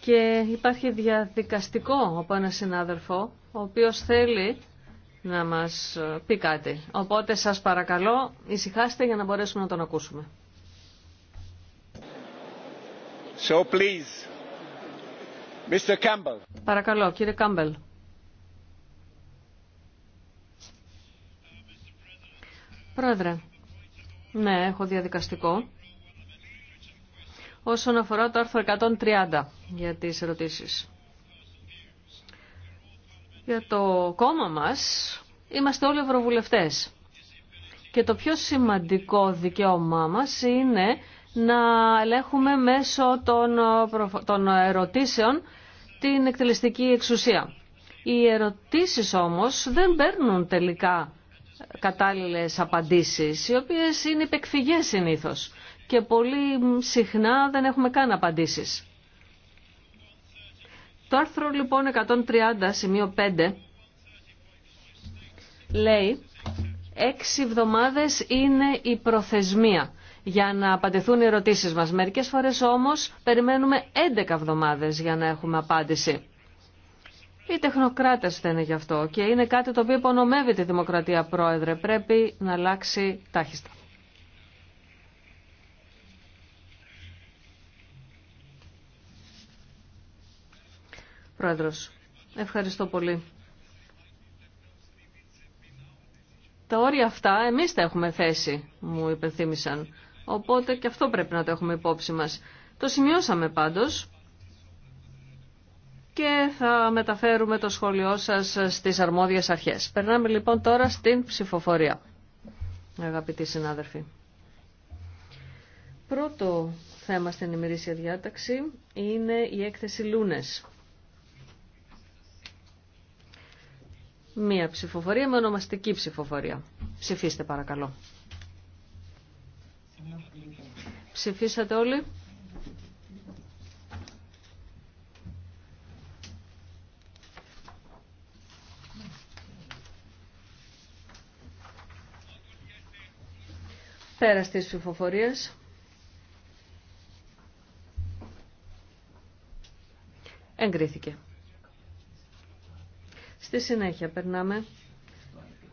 Και υπάρχει διαδικαστικό από ένα συνάδελφο, ο οποίος θέλει να μας πει κάτι. Οπότε σας παρακαλώ, ησυχάστε για να μπορέσουμε να τον ακούσουμε. So please. Mr. Campbell. Παρακαλώ, κύριε Κάμπελ. Πρόεδρε, ναι, έχω διαδικαστικό. Όσον αφορά το άρθρο 130 για τις ερωτήσεις. Για το κόμμα μας είμαστε όλοι ευρωβουλευτές. Και το πιο σημαντικό δικαίωμά μας είναι να ελέγχουμε μέσω των, ερωτήσεων την εκτελεστική εξουσία. Οι ερωτήσεις όμως δεν παίρνουν τελικά κατάλληλες απαντήσεις, οι οποίες είναι υπεκφυγές συνήθως και πολύ συχνά δεν έχουμε καν απαντήσεις. Το άρθρο λοιπόν 130 σημείο 5 λέει έξι εβδομάδες είναι η προθεσμία για να απαντηθούν οι ερωτήσεις μας. Μερικές φορές όμως περιμένουμε 11 εβδομάδες για να έχουμε απάντηση. Οι τεχνοκράτες θα είναι γι' αυτό και είναι κάτι το οποίο υπονομεύει τη δημοκρατία, πρόεδρε. Πρέπει να αλλάξει τάχιστα. Πρόεδρος, ευχαριστώ πολύ. Τα όρια αυτά εμείς τα έχουμε θέσει, μου υπενθύμησαν. Οπότε και αυτό πρέπει να το έχουμε υπόψη μας. Το σημειώσαμε πάντως και θα μεταφέρουμε το σχόλιο σας στις αρμόδιες αρχές. Περνάμε λοιπόν τώρα στην ψηφοφορία, αγαπητοί συνάδελφοι. Πρώτο θέμα στην ημερήσια διάταξη είναι η έκθεση Λούνες. Μία ψηφοφορία με ονομαστική ψηφοφορία. Ψηφίστε παρακαλώ. Ψηφίσατε όλοι. Πέρας της ψηφοφορίας. Εγκρίθηκε. Στη συνέχεια περνάμε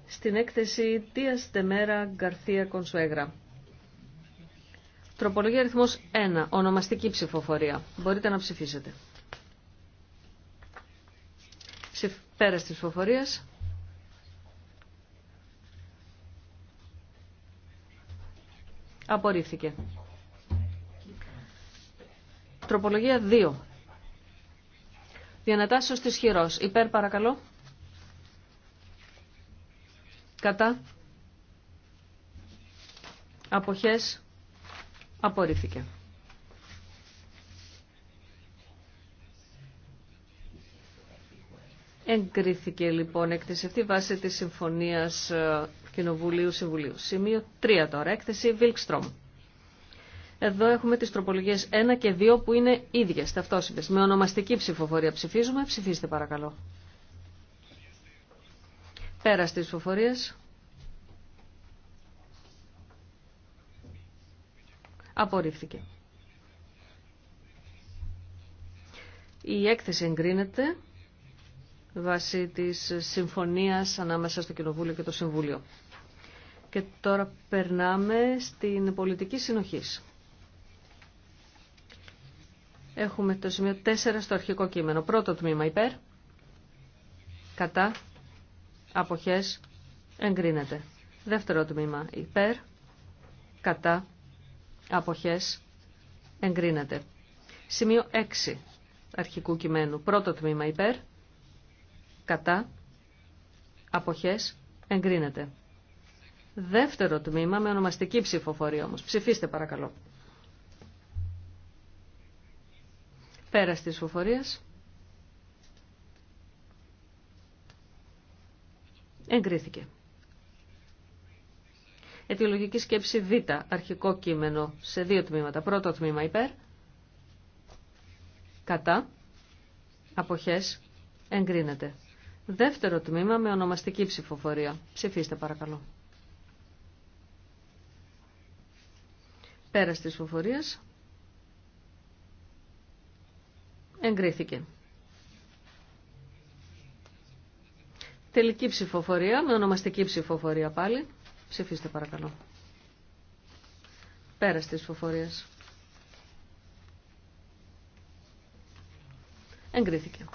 στην έκθεση Τίας Τεμέρα Γκαρθία Κονσουέγρα. Τροπολογία αριθμός 1. Ονομαστική ψηφοφορία. Μπορείτε να ψηφίσετε. Πέρας της ψηφοφορίας. Απορρίφθηκε. Τροπολογία 2. Διανατάσσεως της χειρός. Υπέρ παρακαλώ. Κατά. Αποχές. Απορρίφθηκε. Εγκρίθηκε λοιπόν έκθεση αυτή βάσει της Συμφωνίας ε, Κοινοβουλίου-Συμβουλίου. Σημείο 3 τώρα, έκθεση Βίλκστρομ. Εδώ έχουμε τις τροπολογίες 1 και 2 που είναι ίδιες, ταυτόσιμες. Με ονομαστική ψηφοφορία ψηφίζουμε. Ψηφίστε παρακαλώ. Πέρα στις ψηφοφορίες. Απορρίφθηκε. Η έκθεση εγκρίνεται βάσει της συμφωνίας ανάμεσα στο Κοινοβούλιο και το Συμβούλιο. Και τώρα περνάμε στην πολιτική συνοχής. Έχουμε το σημείο 4 στο αρχικό κείμενο. Πρώτο τμήμα υπέρ, κατά, αποχές, εγκρίνεται. Δεύτερο τμήμα υπέρ, κατά, αποχές, εγκρίνεται. Σημείο 6 αρχικού κειμένου. Πρώτο τμήμα υπέρ, κατά, αποχές, εγκρίνεται. Δεύτερο τμήμα με ονομαστική ψηφοφορία όμως. Ψηφίστε παρακαλώ. Πέρας της ψηφοφορίας. Εγκρίθηκε. Αιτιολογική σκέψη Β, αρχικό κείμενο, σε δύο τμήματα. Πρώτο τμήμα υπέρ, κατά, αποχές, εγκρίνεται. Δεύτερο τμήμα με ονομαστική ψηφοφορία. Ψηφίστε παρακαλώ. Πέρα της ψηφοφορίας. Εγκρίθηκε. Τελική ψηφοφορία με ονομαστική ψηφοφορία πάλι. Ψηφίστε παρακαλώ. πέρα της ψηφοφορίας. Εγκρίθηκε.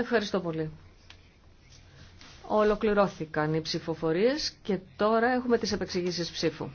Ευχαριστώ πολύ. Ολοκληρώθηκαν οι ψηφοφορίες και τώρα έχουμε τις επεξηγήσεις ψήφου.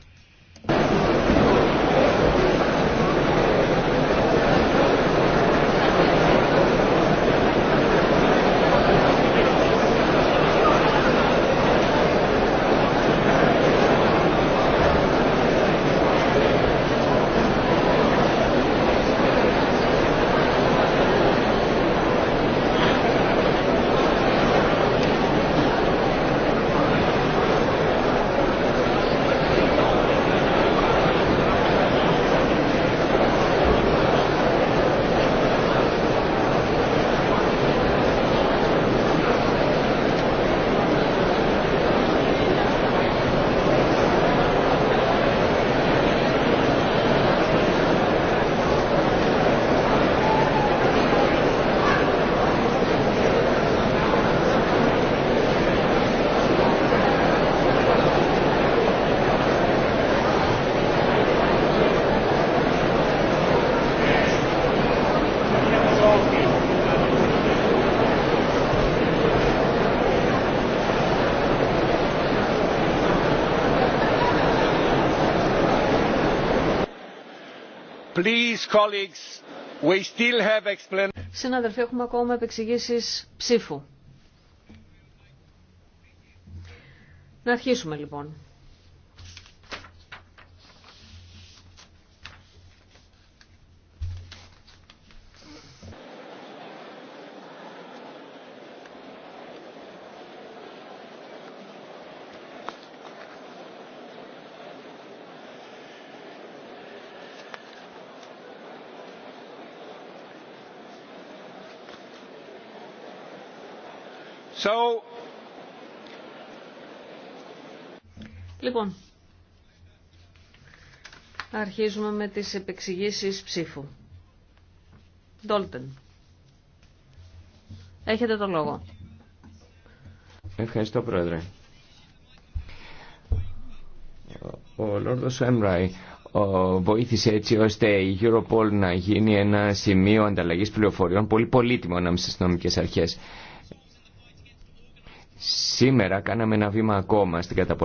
Συναδελφοί, έχουμε ακόμα επεξηγήσεις ψήφου. Να αρχίσουμε λοιπόν. Λοιπόν, αρχίζουμε με τις επεξηγήσεις ψήφου. Ντόλτεν, έχετε το λόγο. Ευχαριστώ, Πρόεδρε. Ο Λόρδος Έμραϊ βοήθησε έτσι ώστε η Europol να γίνει ένα σημείο ανταλλαγής πληροφοριών πολύ πολύτιμο ανάμεσα στις νομικές αρχές. Σήμερα κάναμε ένα βήμα ακόμα στην καταπολέμηση